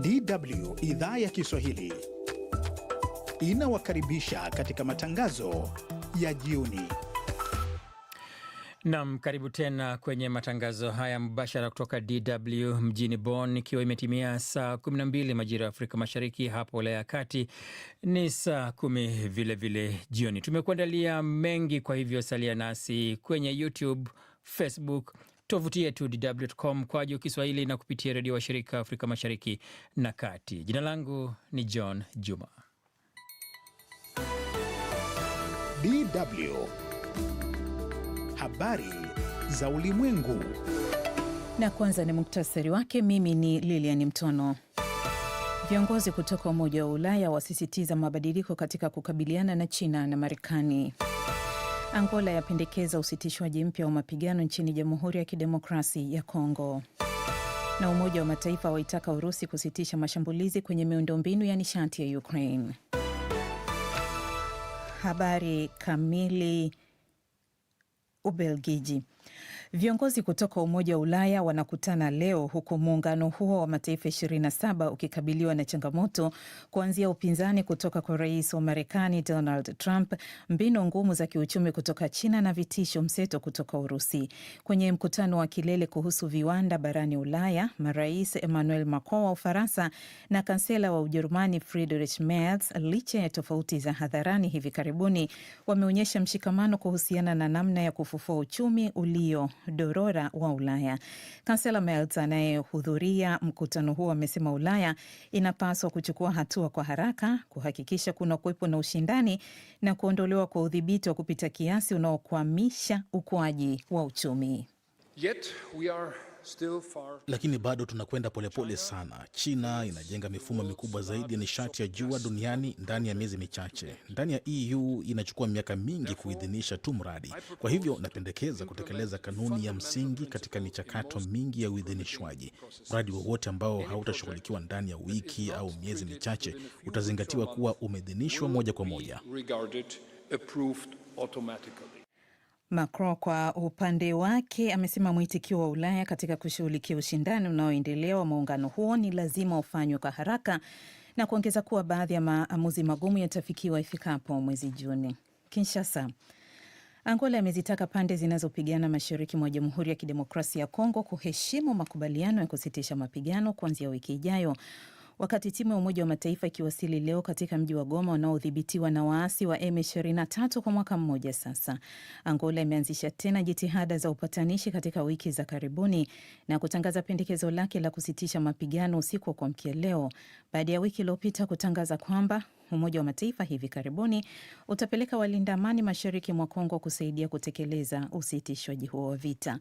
DW idhaa ya Kiswahili inawakaribisha katika matangazo ya jioni. Nam, karibu tena kwenye matangazo haya mbashara kutoka DW mjini Bonn, ikiwa imetimia saa 12 majira ya Afrika Mashariki, hapo Ulaya ya Kati ni saa kumi vilevile jioni. Tumekuandalia mengi, kwa hivyo salia nasi kwenye YouTube, Facebook tovuti yetu dw.com kwa kwaju Kiswahili na kupitia redio wa shirika Afrika Mashariki na Kati. Jina langu ni John Juma. DW Habari za Ulimwengu, na kwanza ni muktasari wake. Mimi ni Lilian Mtono. Viongozi kutoka Umoja wa Ulaya wasisitiza mabadiliko katika kukabiliana na China na Marekani. Angola yapendekeza usitishwaji mpya wa mapigano nchini Jamhuri ya Kidemokrasi ya Kongo, na Umoja wa Mataifa waitaka Urusi kusitisha mashambulizi kwenye miundombinu ya nishati ya Ukraine. Habari kamili. Ubelgiji Viongozi kutoka Umoja wa Ulaya wanakutana leo huku muungano huo wa mataifa 27 ukikabiliwa na changamoto kuanzia upinzani kutoka kwa rais wa Marekani Donald Trump, mbinu ngumu za kiuchumi kutoka China na vitisho mseto kutoka Urusi. Kwenye mkutano wa kilele kuhusu viwanda barani Ulaya, marais Emmanuel Macron wa Ufaransa na kansela wa Ujerumani Friedrich Merz, licha ya tofauti za hadharani hivi karibuni, wameonyesha mshikamano kuhusiana na namna ya kufufua uchumi ulio hiyo dorora wa Ulaya. Kansela Merz anayehudhuria mkutano huo amesema Ulaya inapaswa kuchukua hatua kwa haraka kuhakikisha kuna kuwepo na ushindani na kuondolewa kwa udhibiti wa kupita kiasi unaokwamisha ukuaji wa uchumi. Yet we are lakini bado tunakwenda polepole sana. China inajenga mifumo mikubwa zaidi ya nishati ya jua duniani ndani ya miezi michache. Ndani ya EU inachukua miaka mingi kuidhinisha tu mradi. Kwa hivyo, napendekeza kutekeleza kanuni ya msingi katika michakato mingi ya uidhinishwaji. Mradi wowote ambao hautashughulikiwa ndani ya wiki au miezi michache utazingatiwa kuwa umeidhinishwa moja kwa moja. Macron kwa upande wake amesema mwitikio wa Ulaya katika kushughulikia ushindani unaoendelea wa muungano huo ni lazima ufanywe kwa haraka na kuongeza kuwa baadhi ya maamuzi magumu yatafikiwa ifikapo mwezi Juni. Kinshasa, Angola amezitaka pande zinazopigana mashariki mwa Jamhuri ya Kidemokrasia ya Kongo kuheshimu makubaliano ya kusitisha mapigano kuanzia wiki ijayo Wakati timu ya Umoja wa Mataifa ikiwasili leo katika mji wa Goma unaodhibitiwa na waasi wa M23 kwa mwaka mmoja sasa, Angola imeanzisha tena jitihada za upatanishi katika wiki za karibuni na kutangaza pendekezo lake la kusitisha mapigano usiku wa kuamkia leo baada ya wiki iliyopita kutangaza kwamba Umoja wa Mataifa hivi karibuni utapeleka walinda amani mashariki mwa Kongo kusaidia kutekeleza usitishwaji huo wa vita.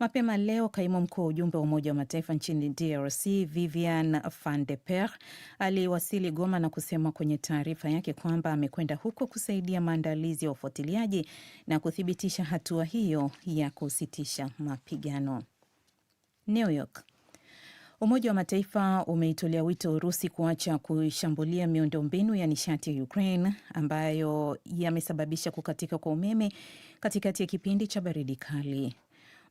Mapema leo, kaimu mkuu wa ujumbe wa Umoja wa Mataifa nchini DRC Vivian van de Per aliwasili Goma na kusema kwenye taarifa yake kwamba amekwenda huko kusaidia maandalizi ya ufuatiliaji na kuthibitisha hatua hiyo ya kusitisha mapigano. New York Umoja wa Mataifa umeitolea wito Urusi kuacha kushambulia miundombinu ya nishati ya Ukraine ambayo yamesababisha kukatika kwa umeme katikati ya kipindi cha baridi kali.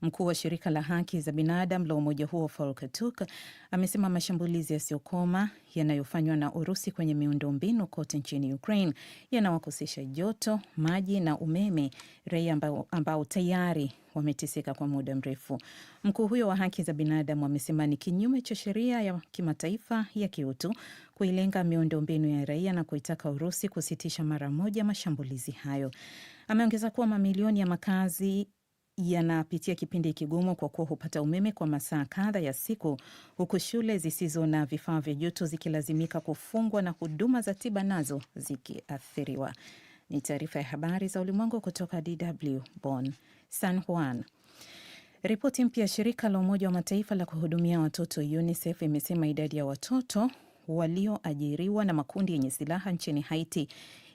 Mkuu wa shirika la haki za binadamu la umoja huo Volker Turk amesema mashambulizi yasiyokoma yanayofanywa na Urusi kwenye miundombinu kote nchini Ukraine yanawakosesha joto, maji na umeme raia ambao, ambao tayari wameteseka kwa muda mrefu. Mkuu huyo wa haki za binadamu amesema ni kinyume cha sheria ya kimataifa ya kiutu kuilenga miundombinu ya raia na kuitaka Urusi kusitisha mara moja mashambulizi hayo. Ameongeza kuwa mamilioni ya makazi yanapitia kipindi kigumu kwa kuwa hupata umeme kwa masaa kadha ya siku, huku shule zisizo na vifaa vya joto zikilazimika kufungwa na huduma za tiba nazo zikiathiriwa. Ni taarifa ya habari za ulimwengu kutoka DW Bonn. San Juan. Ripoti mpya ya shirika la Umoja wa Mataifa la kuhudumia watoto UNICEF imesema idadi ya watoto walioajiriwa na makundi yenye silaha nchini Haiti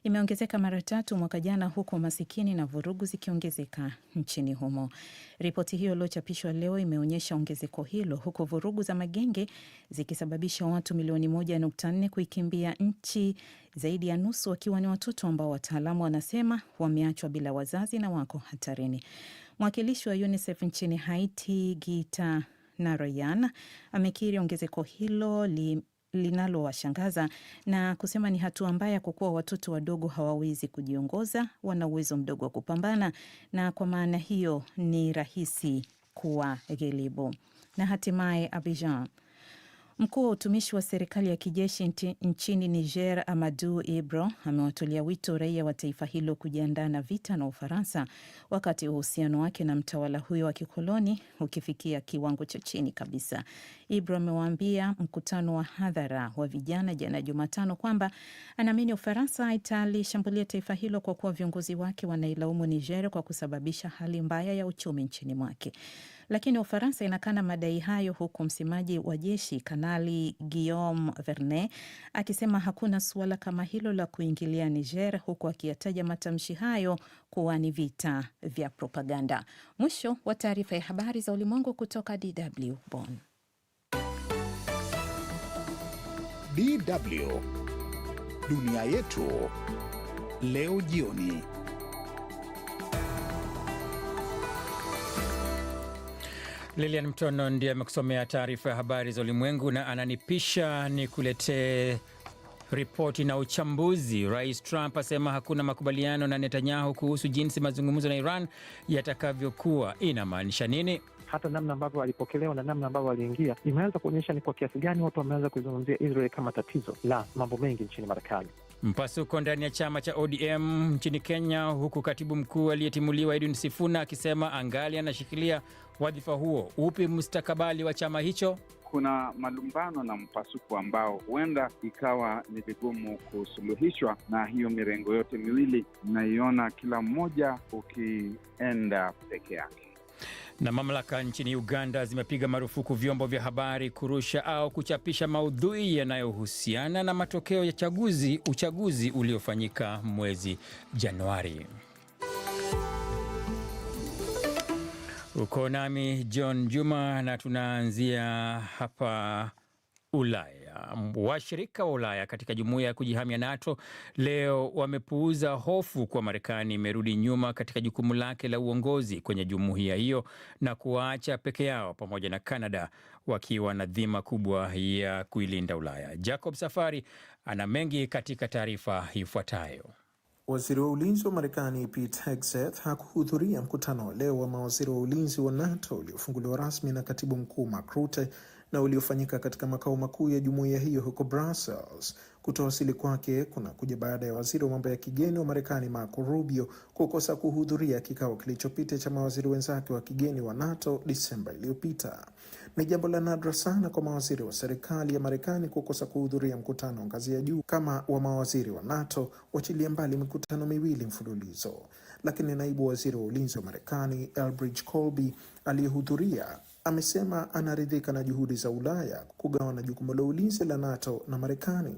imeongezeka mara tatu mwaka jana, huku masikini na vurugu zikiongezeka nchini humo. Ripoti hiyo iliyochapishwa leo imeonyesha ongezeko hilo, huku vurugu za magenge zikisababisha watu milioni moja nukta nne kuikimbia nchi, zaidi ya nusu wakiwa ni watoto ambao wataalamu wanasema wameachwa bila wazazi na wako hatarini. Mwakilishi wa UNICEF nchini Haiti Gita Naroyan amekiri ongezeko hilo li linalowashangaza na kusema ni hatua mbaya kwa kuwa watoto wadogo hawawezi kujiongoza, wana uwezo mdogo wa kupambana na kwa maana hiyo ni rahisi kuwa ghelibu Na hatimaye Abidjan Mkuu wa utumishi wa serikali ya kijeshi nchini Niger, amadu Ibro, amewatolea wito raia wa taifa hilo kujiandaa na vita na Ufaransa, wakati uhusiano wake na mtawala huyo wa kikoloni ukifikia kiwango cha chini kabisa. Ibro amewaambia mkutano wa hadhara wa vijana jana Jumatano kwamba anaamini Ufaransa italishambulia taifa hilo kwa kuwa viongozi wake wanailaumu Niger kwa kusababisha hali mbaya ya uchumi nchini mwake lakini Ufaransa inakana madai hayo, huku msemaji wa jeshi Kanali Guillaume verne akisema hakuna suala kama hilo la kuingilia Niger, huku akiyataja matamshi hayo kuwa ni vita vya propaganda. Mwisho wa taarifa ya habari za ulimwengu kutoka DW Bonn. DW Dunia Yetu Leo Jioni. Lilian Mtono ndiye amekusomea taarifa ya habari za ulimwengu na ananipisha ni kuletee ripoti na uchambuzi. Rais Trump asema hakuna makubaliano na Netanyahu kuhusu jinsi mazungumzo na Iran yatakavyokuwa. Inamaanisha nini? Hata namna ambavyo walipokelewa na namna ambavyo waliingia imeanza kuonyesha ni kwa kiasi gani watu wameanza kuizungumzia Israel kama tatizo la mambo mengi nchini Marekani. Mpasuko ndani ya chama cha ODM nchini Kenya, huku katibu mkuu aliyetimuliwa Edwin Sifuna akisema angali anashikilia wadhifa huo, upi mustakabali wa chama hicho? Kuna malumbano na mpasuko ambao huenda ikawa ni vigumu kusuluhishwa, na hiyo mirengo yote miwili inaiona kila mmoja ukienda peke yake. Na mamlaka nchini Uganda zimepiga marufuku vyombo vya habari kurusha au kuchapisha maudhui yanayohusiana na matokeo ya chaguzi uchaguzi uliofanyika mwezi Januari. Uko nami John Juma na tunaanzia hapa Ulaya. Washirika wa Ulaya katika jumuiya ya kujihamia NATO leo wamepuuza hofu kuwa Marekani imerudi nyuma katika jukumu lake la uongozi kwenye jumuiya hiyo na kuwaacha peke yao pamoja na canada wakiwa na dhima kubwa ya kuilinda Ulaya. Jacob Safari ana mengi katika taarifa ifuatayo. Waziri wa ulinzi wa Marekani Pete Hegseth hakuhudhuria mkutano wa leo wa mawaziri wa ulinzi wa NATO uliofunguliwa rasmi na katibu mkuu Mark Rutte na uliofanyika katika makao makuu ya jumuiya hiyo huko Brussels. Kutowasili kwake kunakuja baada ya waziri wa mambo ya kigeni wa Marekani Marco Rubio kukosa kuhudhuria kikao kilichopita cha mawaziri wenzake wa kigeni wa NATO disemba iliyopita. Ni jambo la nadra sana kwa mawaziri wa serikali ya Marekani kukosa kuhudhuria mkutano wa ngazi ya juu kama wa mawaziri wa NATO, wachilia mbali mikutano miwili mfululizo. Lakini naibu waziri wa ulinzi wa Marekani Elbridge Colby aliyehudhuria amesema anaridhika na juhudi za Ulaya kugawana jukumu la ulinzi la NATO na Marekani.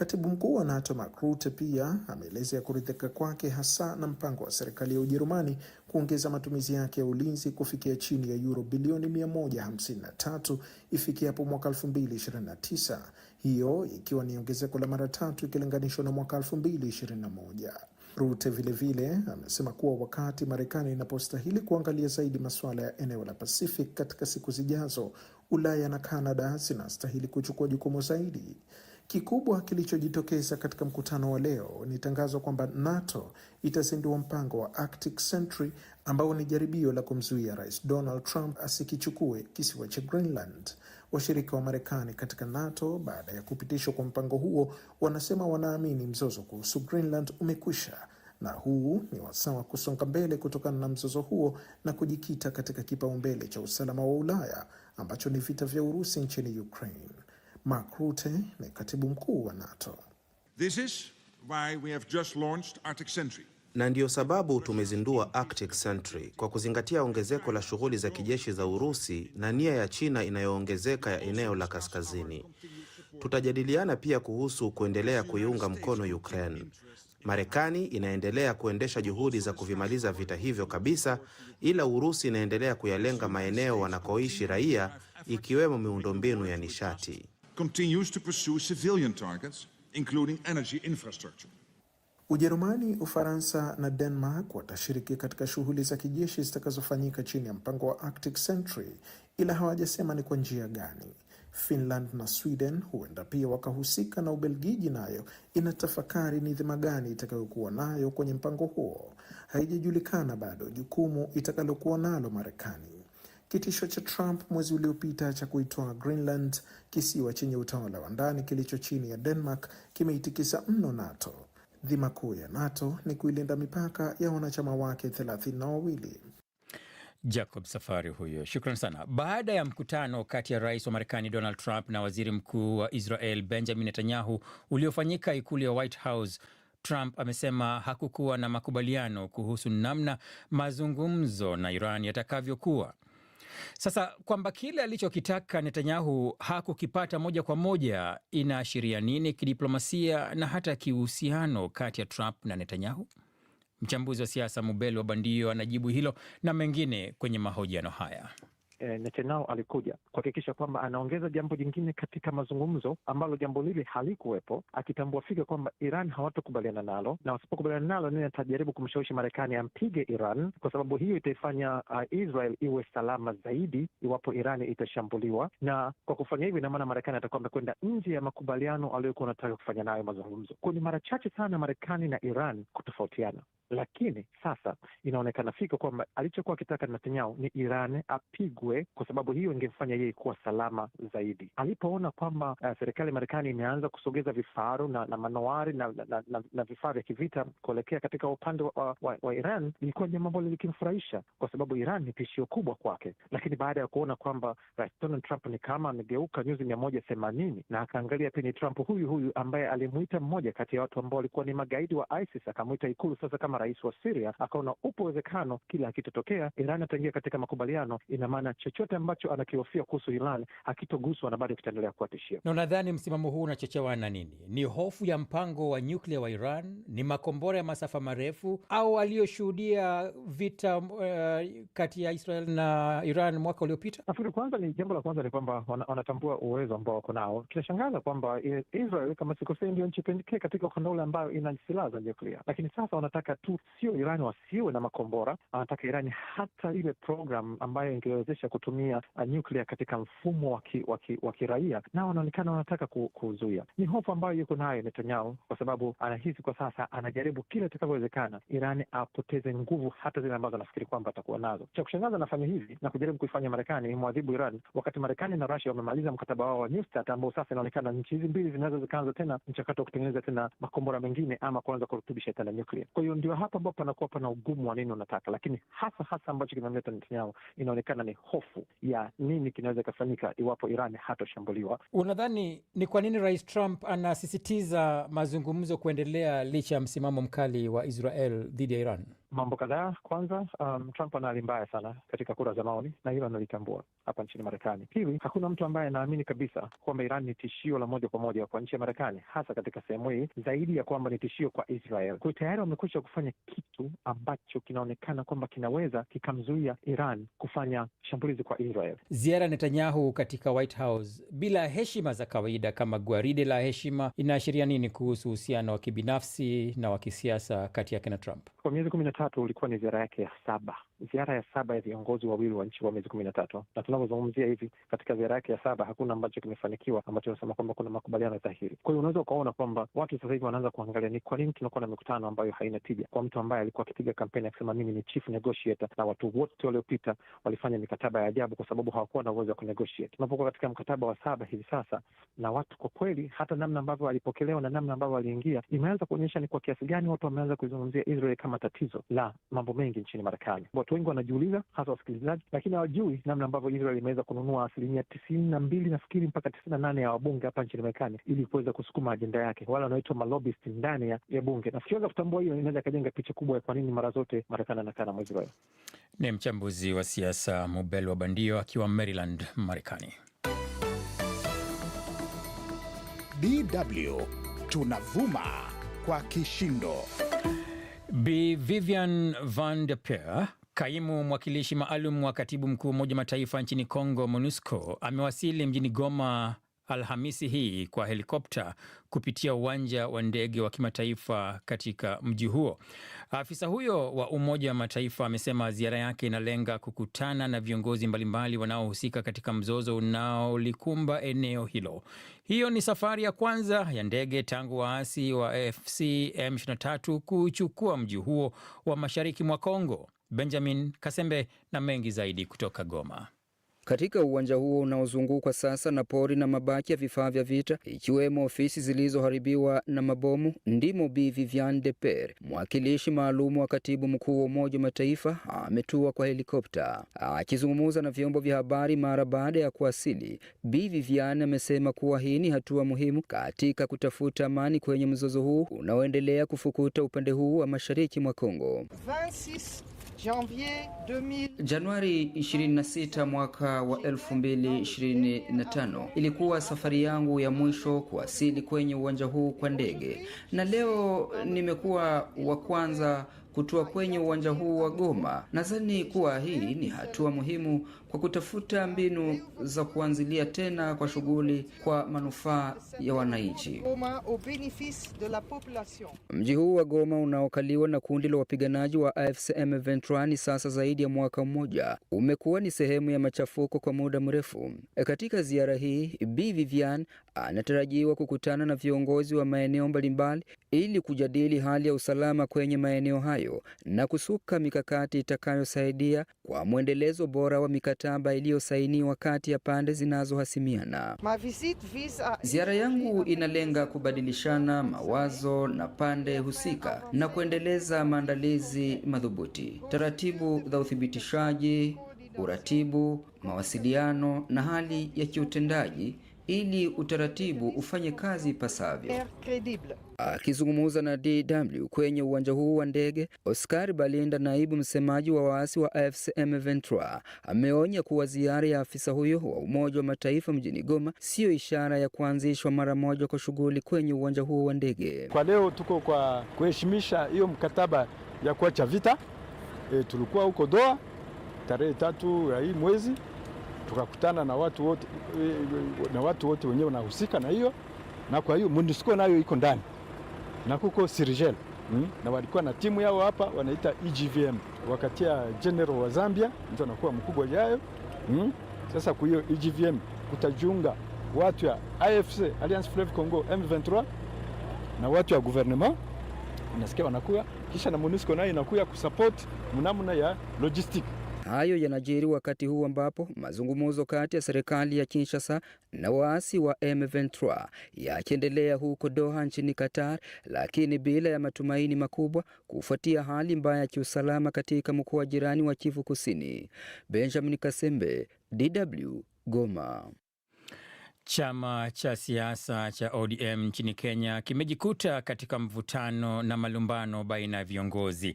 Katibu mkuu wa NATO Mark Rutte pia ameelezea kuridhika kwake hasa na mpango wa serikali ya Ujerumani kuongeza matumizi yake ya ulinzi kufikia chini ya euro bilioni 153 ifikia hapo mwaka 2029, hiyo ikiwa ni ongezeko la mara tatu ikilinganishwa na mwaka 2021. Rutte vilevile amesema kuwa wakati Marekani inapostahili kuangalia zaidi masuala ya eneo la Pacific katika siku zijazo, Ulaya na canada zinastahili kuchukua jukumu zaidi. Kikubwa kilichojitokeza katika mkutano wa leo ni tangazo kwamba NATO itazindua mpango wa Arctic Sentry ambao ni jaribio la kumzuia Rais Donald Trump asikichukue kisiwa cha Greenland. Washirika wa Marekani katika NATO, baada ya kupitishwa kwa mpango huo, wanasema wanaamini mzozo kuhusu Greenland umekwisha na huu ni wasaa wa kusonga mbele kutokana na mzozo huo na kujikita katika kipaumbele cha usalama wa Ulaya ambacho ni vita vya Urusi nchini Ukraine. Mark Rutte ni katibu mkuu wa NATO. This is why we have just launched Arctic Sentry. Na ndiyo sababu tumezindua Arctic Sentry kwa kuzingatia ongezeko la shughuli za kijeshi za Urusi na nia ya China inayoongezeka ya eneo la kaskazini. Tutajadiliana pia kuhusu kuendelea kuiunga mkono Ukraine. Marekani inaendelea kuendesha juhudi za kuvimaliza vita hivyo kabisa, ila Urusi inaendelea kuyalenga maeneo wanakoishi raia, ikiwemo miundombinu ya nishati continues to pursue civilian targets, including energy infrastructure. Ujerumani, Ufaransa na Denmark watashiriki katika shughuli za kijeshi zitakazofanyika chini ya mpango wa Arctic Sentry, ila hawajasema ni kwa njia gani. Finland na Sweden huenda pia wakahusika, na Ubelgiji nayo inatafakari ni dhima gani itakayokuwa nayo kwenye mpango huo. Haijajulikana bado jukumu itakalokuwa nalo Marekani. Kitisho cha Trump mwezi uliopita cha kuitoa Greenland, kisiwa chenye utawala wa ndani kilicho chini ya Denmark, kimeitikisa mno NATO. Dhima kuu ya NATO ni kuilinda mipaka ya wanachama wake thelathini na wawili. Jacob Safari huyo, shukran sana. Baada ya mkutano kati ya rais wa Marekani Donald Trump na waziri mkuu wa Israel Benjamin Netanyahu uliofanyika ikulu ya White House, Trump amesema hakukuwa na makubaliano kuhusu namna mazungumzo na Iran yatakavyokuwa. Sasa kwamba kile alichokitaka Netanyahu hakukipata moja kwa moja, inaashiria nini kidiplomasia na hata kiuhusiano kati ya Trump na Netanyahu? Mchambuzi wa siasa wa Bandio anajibu hilo na mengine kwenye mahojiano haya eh, Netanyahu alikuja kuhakikisha kwamba anaongeza jambo jingine katika mazungumzo ambalo jambo lile halikuwepo, akitambua fika kwamba Iran hawatokubaliana nalo, na wasipokubaliana nalo nini atajaribu kumshawishi Marekani ampige Iran, kwa sababu hiyo itaifanya uh, Israel iwe salama zaidi iwapo Iran itashambuliwa. Na kwa kufanya hivyo, inamaana Marekani atakuwa amekwenda nje ya makubaliano aliyokuwa anataka kufanya nayo mazungumzo. Kwao ni mara chache sana Marekani na Iran kutofautiana lakini sasa inaonekana fika kwamba alichokuwa akitaka Netanyahu ni Iran apigwe azuiwe, kwa sababu hiyo ingemfanya yeye kuwa salama zaidi. Alipoona kwamba uh, serikali ya Marekani imeanza kusogeza vifaru na, na manowari na, na, na, na vifaa vya kivita kuelekea katika upande wa, wa, wa Iran, ilikuwa jambo ambalo likimfurahisha kwa sababu Iran ni tishio kubwa kwake. Lakini baada ya kuona kwamba Rais Donald Trump ni kama amegeuka nyuzi mia moja themanini na akaangalia pia ni Trump huyu huyu ambaye alimwita mmoja kati ya watu ambao walikuwa ni magaidi wa ISIS, akamwita Ikulu sasa kama rais wa siria akaona upo uwezekano kila akitotokea Iran ataingia katika makubaliano, ina maana chochote ambacho anakihofia kuhusu Iran hakitoguswa na bado kitaendelea kuwa tishio. Na unadhani msimamo huu unachochewa na nini? Ni hofu ya mpango wa nyuklia wa Iran? Ni makombora ya masafa marefu? Au aliyoshuhudia vita uh, kati ya Israel na Iran mwaka uliopita? Nafikiri kwanza ni jambo la kwanza ni kwamba wanatambua uwezo ambao wako nao. Kinashangaza kwamba Israel kama sikosei, ndio nchi pekee katika ukanda ule ambayo ina silaha za nyuklia, lakini sasa wanataka tu sio Iran wasiwe na makombora, wanataka Irani hata ile program ambayo ingewezesha kutumia uh, nyuklia katika mfumo wa kiraia, nao wanaonekana wanataka kuzuia. Ni hofu ambayo yuko nayo Netanyahu kwa sababu anahisi kwa sasa anajaribu kile itakavyowezekana Irani apoteze nguvu hata zile ambazo anafikiri kwamba atakuwa nazo. Cha kushangaza, anafanya hivi na kujaribu kuifanya Marekani mwadhibu Iran, wakati Marekani na rusia wamemaliza mkataba wao wa New START ambao sasa inaonekana nchi hizi mbili zinaweza zikaanza tena mchakato wa kutengeneza tena makombora mengine ama kuanza kurutubisha tena nyuklia. Kwa hiyo ndio hapa ambapo panakuwa pana ugumu wa nini unataka, lakini hasa hasa ambacho kimemleta Netanyahu inaonekana ni hofu ya nini kinaweza ikafanyika iwapo Iran hatoshambuliwa. Unadhani ni kwa nini Rais Trump anasisitiza mazungumzo kuendelea licha ya msimamo mkali wa Israel dhidi ya Iran? mambo kadhaa. Kwanza, um, Trump ana hali mbaya sana katika kura za maoni na hilo analitambua hapa nchini Marekani. Pili, hakuna mtu ambaye anaamini kabisa kwamba Iran ni tishio la moja kwa moja kwa nchi ya Marekani, hasa katika sehemu hii, zaidi ya kwamba ni tishio kwa Israel. Kwa hiyo tayari wamekwisha kufanya kitu ambacho kinaonekana kwamba kinaweza kikamzuia Iran kufanya shambulizi kwa Israel. Ziara ya Netanyahu katika White House bila heshima za kawaida kama gwaride la heshima inaashiria nini kuhusu uhusiano wa kibinafsi na wa kisiasa kati yake na Trump? Kwa miezi kumi na tatu ulikuwa ni ziara yake ya saba ziara ya saba ya viongozi wawili wa nchi wa miezi kumi na tatu na tunavyozungumzia hivi, katika ziara yake ya saba hakuna ambacho kimefanikiwa ambacho nasema kwamba kuna makubaliano ya dhahiri. Kwa hiyo unaweza ukaona kwamba watu sasa hivi wanaanza kuangalia ni kwa nini tunakuwa na mikutano ambayo haina tija, kwa mtu ambaye alikuwa akipiga kampeni akisema mimi ni chief negotiator, na watu wote waliopita walifanya mikataba ya ajabu kwa sababu hawakuwa na uwezo wa kunegotiate. Tunapokuwa katika mkataba wa saba hivi sasa, na watu kwa kweli, hata namna ambavyo walipokelewa na namna ambavyo waliingia imeanza kuonyesha ni kwa kiasi gani watu wameanza kuizungumzia Israel kama tatizo la mambo mengi nchini Marekani. Watu wengi wanajiuliza, hasa wasikilizaji, lakini hawajui namna ambavyo Israel imeweza kununua asilimia tisini na mbili nafikiri mpaka tisini na nane ya wabunge hapa nchini Marekani ili kuweza kusukuma ajenda yake, wale wanaoitwa malobist ndani ya, ya bunge. Na tukiweza kutambua hiyo, inaweza ikajenga picha kubwa ya kwa nini mara zote Marekani anakaa na Israel. Ni mchambuzi wa siasa Mubel wa Bandio akiwa Maryland, Marekani. DW tunavuma kwa kishindo. Bi Vivian van der Kaimu mwakilishi maalum wa katibu mkuu wa Umoja Mataifa nchini Congo, MONUSCO, amewasili mjini Goma Alhamisi hii kwa helikopta kupitia uwanja wa ndege wa kimataifa katika mji huo. Afisa huyo wa Umoja wa Mataifa amesema ziara yake inalenga kukutana na viongozi mbalimbali wanaohusika katika mzozo unaolikumba eneo hilo. Hiyo ni safari ya kwanza ya ndege tangu waasi wa AFC M23 kuchukua mji huo wa mashariki mwa congo Benjamin Kasembe na mengi zaidi kutoka Goma. Katika uwanja huo unaozungukwa sasa na pori na mabaki ya vifaa vya vita ikiwemo ofisi zilizoharibiwa na mabomu, ndimo Bi Vivian de Per, mwakilishi maalum wa katibu mkuu wa Umoja wa Mataifa, ametua kwa helikopta. Akizungumza na vyombo vya habari mara baada ya kuwasili, Bi Vivian amesema kuwa hii ni hatua muhimu katika kutafuta amani kwenye mzozo huu unaoendelea kufukuta upande huu wa mashariki mwa Kongo. Januari 26 mwaka wa 2025 ilikuwa safari yangu ya mwisho kuwasili kwenye uwanja huu kwa ndege, na leo nimekuwa wa kwanza kutua kwenye uwanja huu wa Goma. Nadhani kuwa hii ni hatua muhimu kwa kutafuta mbinu za kuanzilia tena kwa shughuli kwa manufaa ya wananchi. Mji huu wa Goma unaokaliwa na kundi la wapiganaji wa AFC M23 sasa zaidi ya mwaka mmoja umekuwa ni sehemu ya machafuko kwa muda mrefu. Katika ziara hii, Bi Vivian anatarajiwa kukutana na viongozi wa maeneo mbalimbali ili kujadili hali ya usalama kwenye maeneo hayo na kusuka mikakati itakayosaidia kwa mwendelezo bora wa mikakati mikataba iliyosainiwa kati ya pande zinazohasimiana. Ziara yangu inalenga kubadilishana mawazo na pande husika na kuendeleza maandalizi madhubuti, taratibu za uthibitishaji, uratibu, mawasiliano na hali ya kiutendaji ili utaratibu ufanye kazi ipasavyo. Akizungumza na DW kwenye uwanja huu wa ndege, Oscar Balinda, naibu msemaji wa waasi wa AFC M23, ameonya kuwa ziara ya afisa huyo wa Umoja wa Mataifa mjini Goma siyo ishara ya kuanzishwa mara moja kwa shughuli kwenye uwanja huu wa ndege. Kwa leo tuko kwa kuheshimisha hiyo mkataba ya kuacha vita. E, tulikuwa huko Doha tarehe tatu ya hii mwezi tukakutana na watu wote eh, na watu wote wenyewe wanahusika na hiyo, na kwa hiyo MONUSCO nayo iko ndani na kuko sirigel mm, na walikuwa na timu yao hapa wanaita EGVM wakati ya general wa Zambia ndio anakuwa mkubwa yao mm. Sasa kwa hiyo EGVM kutajunga watu ya AFC Alliance Fleuve Congo M23 na watu ya gouvernement nasikia wanakuwa kisha na MONUSCO nayo inakuya kusupport mnamna ya logistics Hayo yanajiri wakati huu ambapo mazungumzo kati ya serikali ya Kinshasa na waasi wa M23 yakiendelea huko Doha nchini Qatar, lakini bila ya matumaini makubwa kufuatia hali mbaya ya kiusalama katika mkoa jirani wa Kivu Kusini. Benjamin Kasembe, DW, Goma. Chama cha siasa cha ODM nchini Kenya kimejikuta katika mvutano na malumbano baina ya viongozi.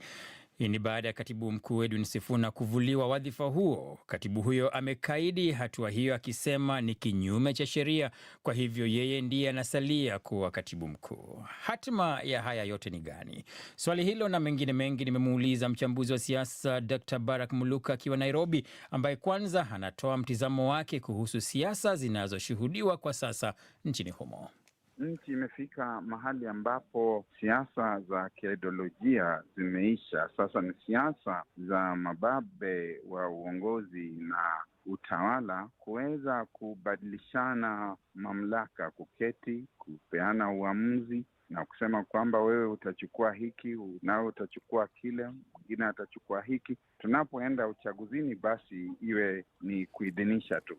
Hii ni baada ya katibu mkuu Edwin Sifuna kuvuliwa wadhifa huo. Katibu huyo amekaidi hatua hiyo akisema ni kinyume cha sheria, kwa hivyo yeye ndiye anasalia kuwa katibu mkuu. Hatima ya haya yote ni gani? Swali hilo na mengine mengi nimemuuliza mchambuzi wa siasa Dr. Barak Muluka akiwa Nairobi, ambaye kwanza anatoa mtizamo wake kuhusu siasa zinazoshuhudiwa kwa sasa nchini humo nchi imefika mahali ambapo siasa za kiaidolojia zimeisha. Sasa ni siasa za mababe wa uongozi na utawala kuweza kubadilishana mamlaka, kuketi, kupeana uamuzi na kusema kwamba wewe utachukua hiki, nawe utachukua kile, mwingine atachukua hiki. Tunapoenda uchaguzini, basi iwe ni kuidhinisha tu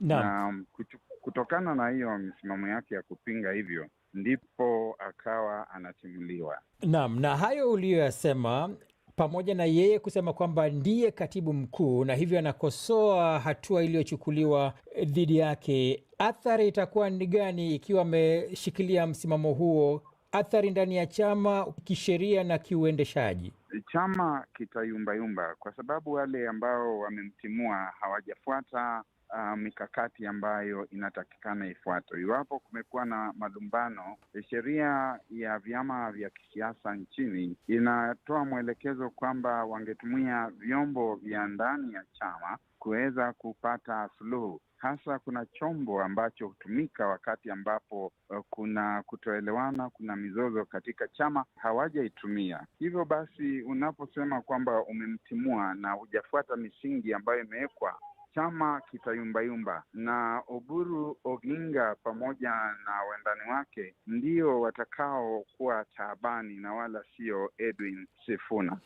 na, na kuchukua Kutokana na hiyo misimamo yake ya kupinga hivyo ndipo akawa anatimuliwa. Naam, na hayo uliyoyasema pamoja na yeye kusema kwamba ndiye katibu mkuu na hivyo anakosoa hatua iliyochukuliwa dhidi yake, athari itakuwa ni gani ikiwa ameshikilia msimamo huo? Athari ndani ya chama kisheria na kiuendeshaji, chama kitayumbayumba, kwa sababu wale ambao wamemtimua hawajafuata uh, mikakati ambayo inatakikana ifuatwe. Iwapo kumekuwa na malumbano, eh, sheria ya vyama vya kisiasa nchini inatoa mwelekezo kwamba wangetumia vyombo vya ndani ya chama kuweza kupata suluhu. Hasa kuna chombo ambacho hutumika wakati ambapo eh, kuna kutoelewana, kuna mizozo katika chama, hawajaitumia. Hivyo basi, unaposema kwamba umemtimua na hujafuata misingi ambayo imewekwa chama kitayumbayumba, na Oburu Oginga pamoja na wendani wake ndio watakaokuwa taabani na wala sio Edwin Sifuna.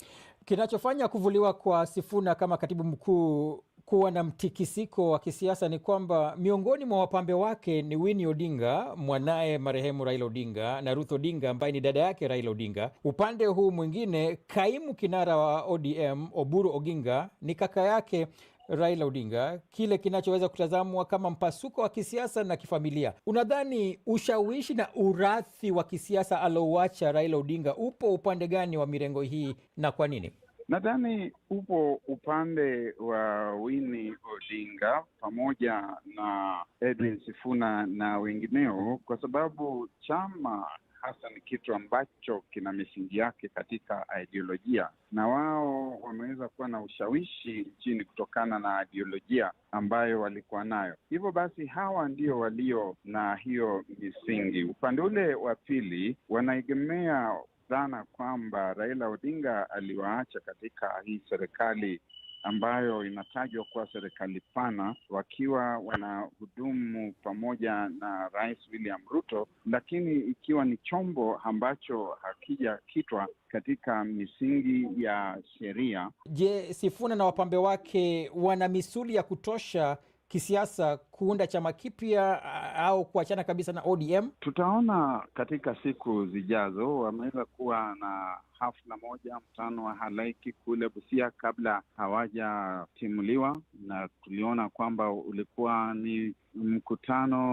Kinachofanya kuvuliwa kwa Sifuna kama katibu mkuu kuwa na mtikisiko wa kisiasa ni kwamba miongoni mwa wapambe wake ni Winnie Odinga, mwanaye marehemu Raila Odinga, na Ruth Odinga ambaye ni dada yake Raila Odinga. Upande huu mwingine, kaimu kinara wa ODM Oburu Oginga ni kaka yake Raila Odinga, kile kinachoweza kutazamwa kama mpasuko wa kisiasa na kifamilia. Unadhani ushawishi na urathi wa kisiasa alouacha Raila Odinga upo upande gani wa mirengo hii na kwa nini? Nadhani upo upande wa Winnie Odinga pamoja na Edwin Sifuna na wengineo, kwa sababu chama hasa ni kitu ambacho kina misingi yake katika ideolojia, na wao wameweza kuwa na ushawishi nchini kutokana na ideolojia ambayo walikuwa nayo. Hivyo basi, hawa ndio walio na hiyo misingi. Upande ule wa pili wanaegemea dhana kwamba Raila Odinga aliwaacha katika hii serikali ambayo inatajwa kuwa serikali pana, wakiwa wanahudumu pamoja na Rais William Ruto, lakini ikiwa ni chombo ambacho hakijakitwa katika misingi ya sheria. Je, Sifuna na wapambe wake wana misuli ya kutosha kisiasa kuunda chama kipya au kuachana kabisa na ODM? Tutaona katika siku zijazo. Wameweza kuwa na hafla moja, mkutano wa halaiki kule Busia kabla hawajatimuliwa, na tuliona kwamba ulikuwa ni mkutano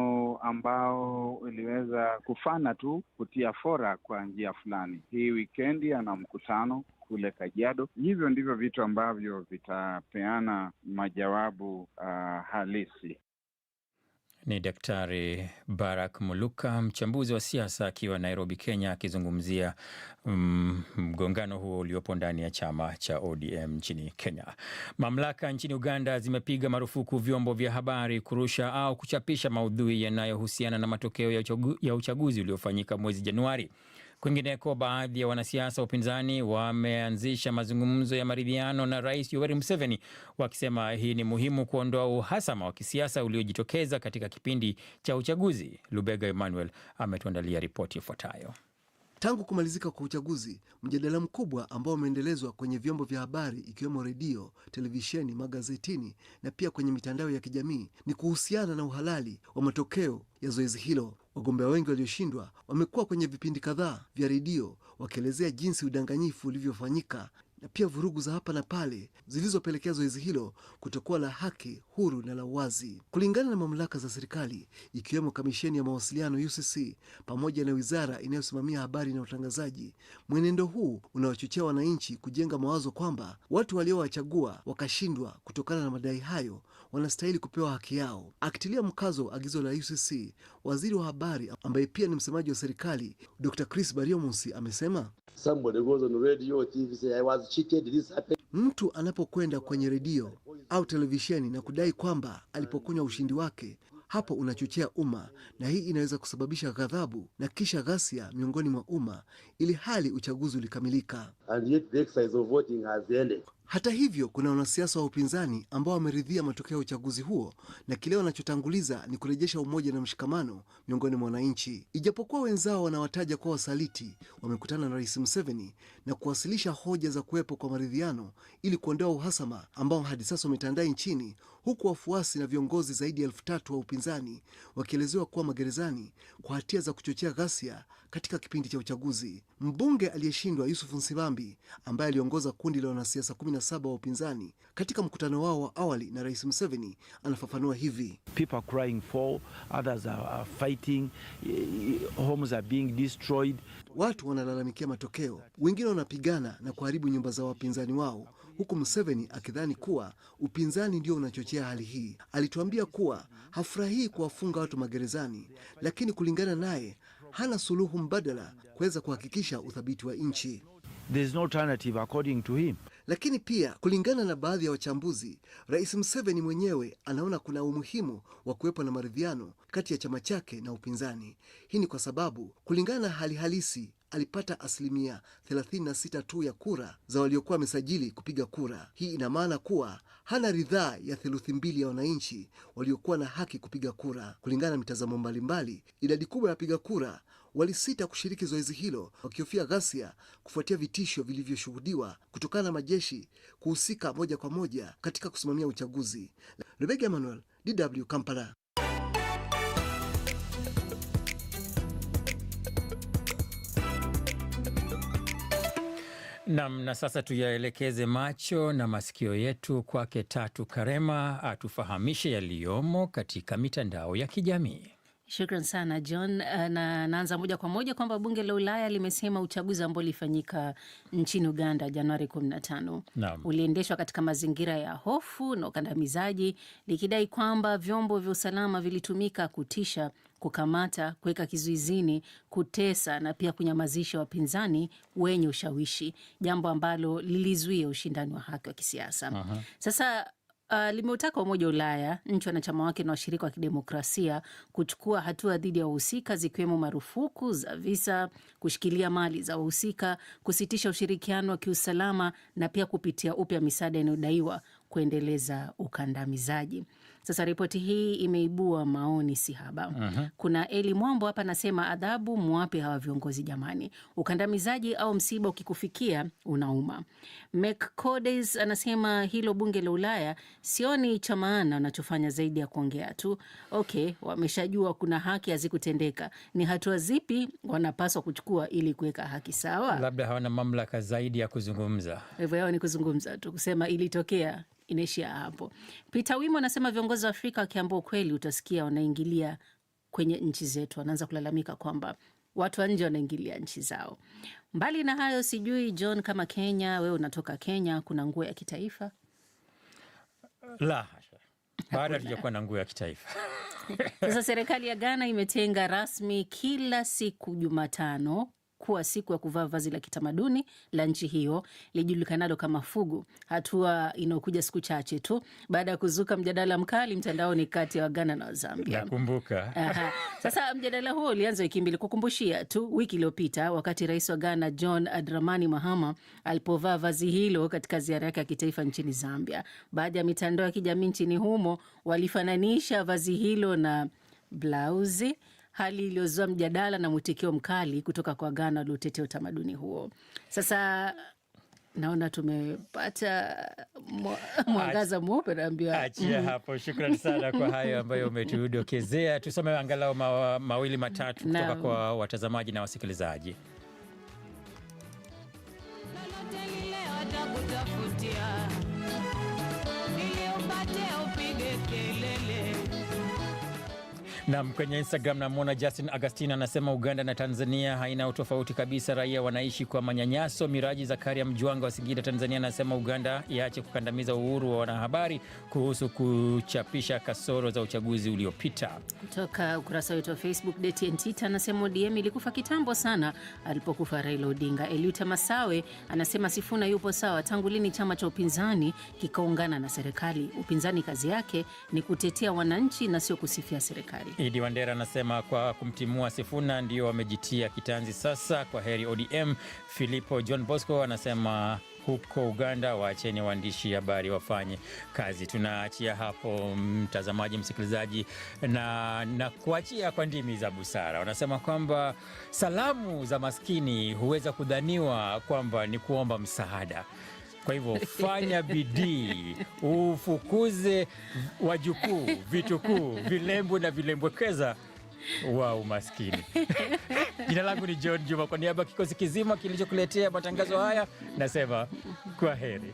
ambao uliweza kufana tu kutia fora kwa njia fulani. Hii wikendi ana mkutano kule Kajiado. Hivyo ndivyo vitu ambavyo vitapeana majawabu uh, halisi. Ni Daktari Barak Muluka, mchambuzi wa siasa akiwa Nairobi, Kenya, akizungumzia mm, mgongano huo uliopo ndani ya chama cha ODM nchini Kenya. Mamlaka nchini Uganda zimepiga marufuku vyombo vya habari kurusha au kuchapisha maudhui yanayohusiana na matokeo ya uchaguzi uliofanyika mwezi Januari. Kwingineko, baadhi ya wanasiasa wa upinzani wameanzisha mazungumzo ya maridhiano na Rais Yoweri Museveni wakisema hii ni muhimu kuondoa uhasama wa kisiasa uliojitokeza katika kipindi cha uchaguzi. Lubega Emmanuel ametuandalia ripoti ifuatayo. Tangu kumalizika kwa uchaguzi, mjadala mkubwa ambao umeendelezwa kwenye vyombo vya habari ikiwemo redio, televisheni, magazetini na pia kwenye mitandao ya kijamii ni kuhusiana na uhalali wa matokeo ya zoezi hilo. Wagombea wengi walioshindwa wamekuwa kwenye vipindi kadhaa vya redio wakielezea jinsi udanganyifu ulivyofanyika na pia vurugu za hapa na pale zilizopelekea zoezi hilo kutokuwa la haki, huru na la uwazi. Kulingana na mamlaka za serikali, ikiwemo kamisheni ya mawasiliano UCC pamoja na wizara inayosimamia habari na utangazaji, mwenendo huu unawachochea wananchi kujenga mawazo kwamba watu waliowachagua wakashindwa kutokana na madai hayo wanastahili kupewa haki yao. Akitilia mkazo agizo la UCC, waziri wa habari ambaye pia ni msemaji wa serikali Dr. Chris Bariomunsi amesema mtu anapokwenda kwenye redio au televisheni na kudai kwamba alipokunywa ushindi wake hapo unachochea umma na hii inaweza kusababisha ghadhabu na kisha ghasia miongoni mwa umma, ili hali uchaguzi ulikamilika. Hata hivyo, kuna wanasiasa wa upinzani ambao wameridhia matokeo ya uchaguzi huo na kile wanachotanguliza ni kurejesha umoja na mshikamano miongoni mwa wananchi. Ijapokuwa wenzao wanawataja kuwa wasaliti, wamekutana na Rais Museveni na kuwasilisha hoja za kuwepo kwa maridhiano ili kuondoa uhasama ambao hadi sasa umetandai nchini, huku wafuasi na viongozi zaidi ya elfu tatu wa upinzani wakielezewa kuwa magerezani kwa hatia za kuchochea ghasia katika kipindi cha uchaguzi, mbunge aliyeshindwa Yusuf Nsibambi ambaye aliongoza kundi la wanasiasa 17 wa upinzani katika mkutano wao wa awali na Rais Museveni anafafanua hivi: People are crying for, others are fighting, homes are being destroyed. Watu wanalalamikia matokeo, wengine wanapigana na kuharibu nyumba za wapinzani wao, huku Museveni akidhani kuwa upinzani ndio unachochea hali hii. Alituambia kuwa hafurahii kuwafunga watu magerezani, lakini kulingana naye hana suluhu mbadala kuweza kuhakikisha uthabiti wa nchi. no alternative according to him. Lakini pia kulingana na baadhi ya wachambuzi, Rais Museveni mwenyewe anaona kuna umuhimu wa kuwepo na maridhiano kati ya chama chake na upinzani. Hii ni kwa sababu kulingana na hali halisi alipata asilimia 36 tu ya kura za waliokuwa wamesajili kupiga kura. Hii ina maana kuwa hana ridhaa ya theluthi mbili ya wananchi waliokuwa na haki kupiga kura. Kulingana na mitazamo mbalimbali, idadi kubwa ya wapiga kura walisita kushiriki zoezi hilo wakihofia ghasia kufuatia vitisho vilivyoshuhudiwa kutokana na majeshi kuhusika moja kwa moja katika kusimamia uchaguzi. Rebecca Emmanuel, DW Kampala. Nam, na sasa tuyaelekeze macho na masikio yetu kwake Tatu Karema atufahamishe yaliyomo katika mitandao ya kijamii. Shukran sana John, eh, na naanza moja kwa moja kwamba bunge la Ulaya limesema uchaguzi ambao ulifanyika nchini Uganda Januari 15 uliendeshwa katika mazingira ya hofu na ukandamizaji, likidai kwamba vyombo vya usalama vilitumika kutisha kukamata, kuweka kizuizini, kutesa na pia kunyamazisha wapinzani wenye ushawishi, jambo ambalo lilizuia ushindani wa haki wa kisiasa. Aha. Sasa Uh, limeutaka Umoja wa Ulaya nchi wanachama wake na washirika wa kidemokrasia kuchukua hatua dhidi ya wahusika zikiwemo marufuku za visa, kushikilia mali za wahusika, kusitisha ushirikiano wa kiusalama na pia kupitia upya misaada inayodaiwa kuendeleza ukandamizaji. Sasa ripoti hii imeibua maoni si haba. uh mhm. -huh. Kuna Eli Mwambo hapa anasema, adhabu mwape hawa viongozi jamani, ukandamizaji au msiba ukikufikia unauma. McCodes anasema hilo bunge la Ulaya sioni cha maana wanachofanya zaidi ya kuongea tu. Okay, wameshajua kuna haki hazikutendeka, ni hatua zipi wanapaswa kuchukua ili kuweka haki sawa? Labda hawana mamlaka zaidi ya kuzungumza, hivyo yao ni kuzungumza tu, kusema ilitokea inaishia hapo. Peter Wimo anasema viongozi wa Afrika wakiambua ukweli, utasikia wanaingilia kwenye nchi zetu, wanaanza kulalamika kwamba watu wa nje wanaingilia nchi zao. Mbali na hayo, sijui John, kama Kenya, wewe unatoka Kenya, kuna nguo ya kitaifa? La hasha, bado hatujakuwa na nguo ya kitaifa. Sasa serikali ya Ghana imetenga rasmi kila siku Jumatano kuwa siku ya kuvaa vazi la kitamaduni la nchi hiyo lijulikanalo kama fugu, hatua inayokuja siku chache tu baada ya kuzuka mjadala mkali mtandaoni kati ya Ghana na Zambia. Nakumbuka. Aha. Sasa mjadala huo ulianza wiki mbili, kukumbushia tu, wiki iliyopita wakati rais wa Ghana John Adramani Mahama alipovaa vazi hilo katika ziara yake ya kitaifa nchini Zambia. Baadhi ya mitandao ya kijamii nchini humo walifananisha vazi hilo na blauzi hali iliyozua mjadala na mwitikio mkali kutoka kwa Ghana waliotetea utamaduni huo. Sasa naona tumepata mwangaza mweupe, naambiwa achia mm-hmm. hapo. Shukrani sana kwa hayo ambayo umetudokezea. Tusome angalau ma, mawili matatu kutoka na, kwa watazamaji na wasikilizaji Nam, kwenye Instagram namwona Justin Agustin anasema Uganda na Tanzania haina utofauti kabisa, raia wanaishi kwa manyanyaso. Miraji Zakaria Mjwanga wa Singida, Tanzania anasema Uganda iache kukandamiza uhuru wa wanahabari kuhusu kuchapisha kasoro za uchaguzi uliopita. Kutoka ukurasa wetu wa Facebook, Deti Entita anasema ODM ilikufa kitambo sana alipokufa Raila Odinga. Eliuta Masawe anasema Sifuna yupo sawa, tangu lini chama cha upinzani kikaungana na serikali? Upinzani kazi yake ni kutetea wananchi na sio kusifia serikali. Idi Wandera anasema kwa kumtimua Sifuna ndio wamejitia kitanzi sasa. Kwa heri ODM. Filipo John Bosco anasema huko Uganda waacheni waandishi habari wafanye kazi. Tunaachia hapo mtazamaji, msikilizaji, na, na kuachia kwa ndimi za busara. Wanasema kwamba salamu za maskini huweza kudhaniwa kwamba ni kuomba msaada. Kwa hivyo fanya bidii ufukuze wajukuu, vitukuu, vilembwe na vilembwekeza wa umaskini. Jina langu ni John Juma, kwa niaba ya kikosi kizima kilichokuletea matangazo haya nasema kwa heri.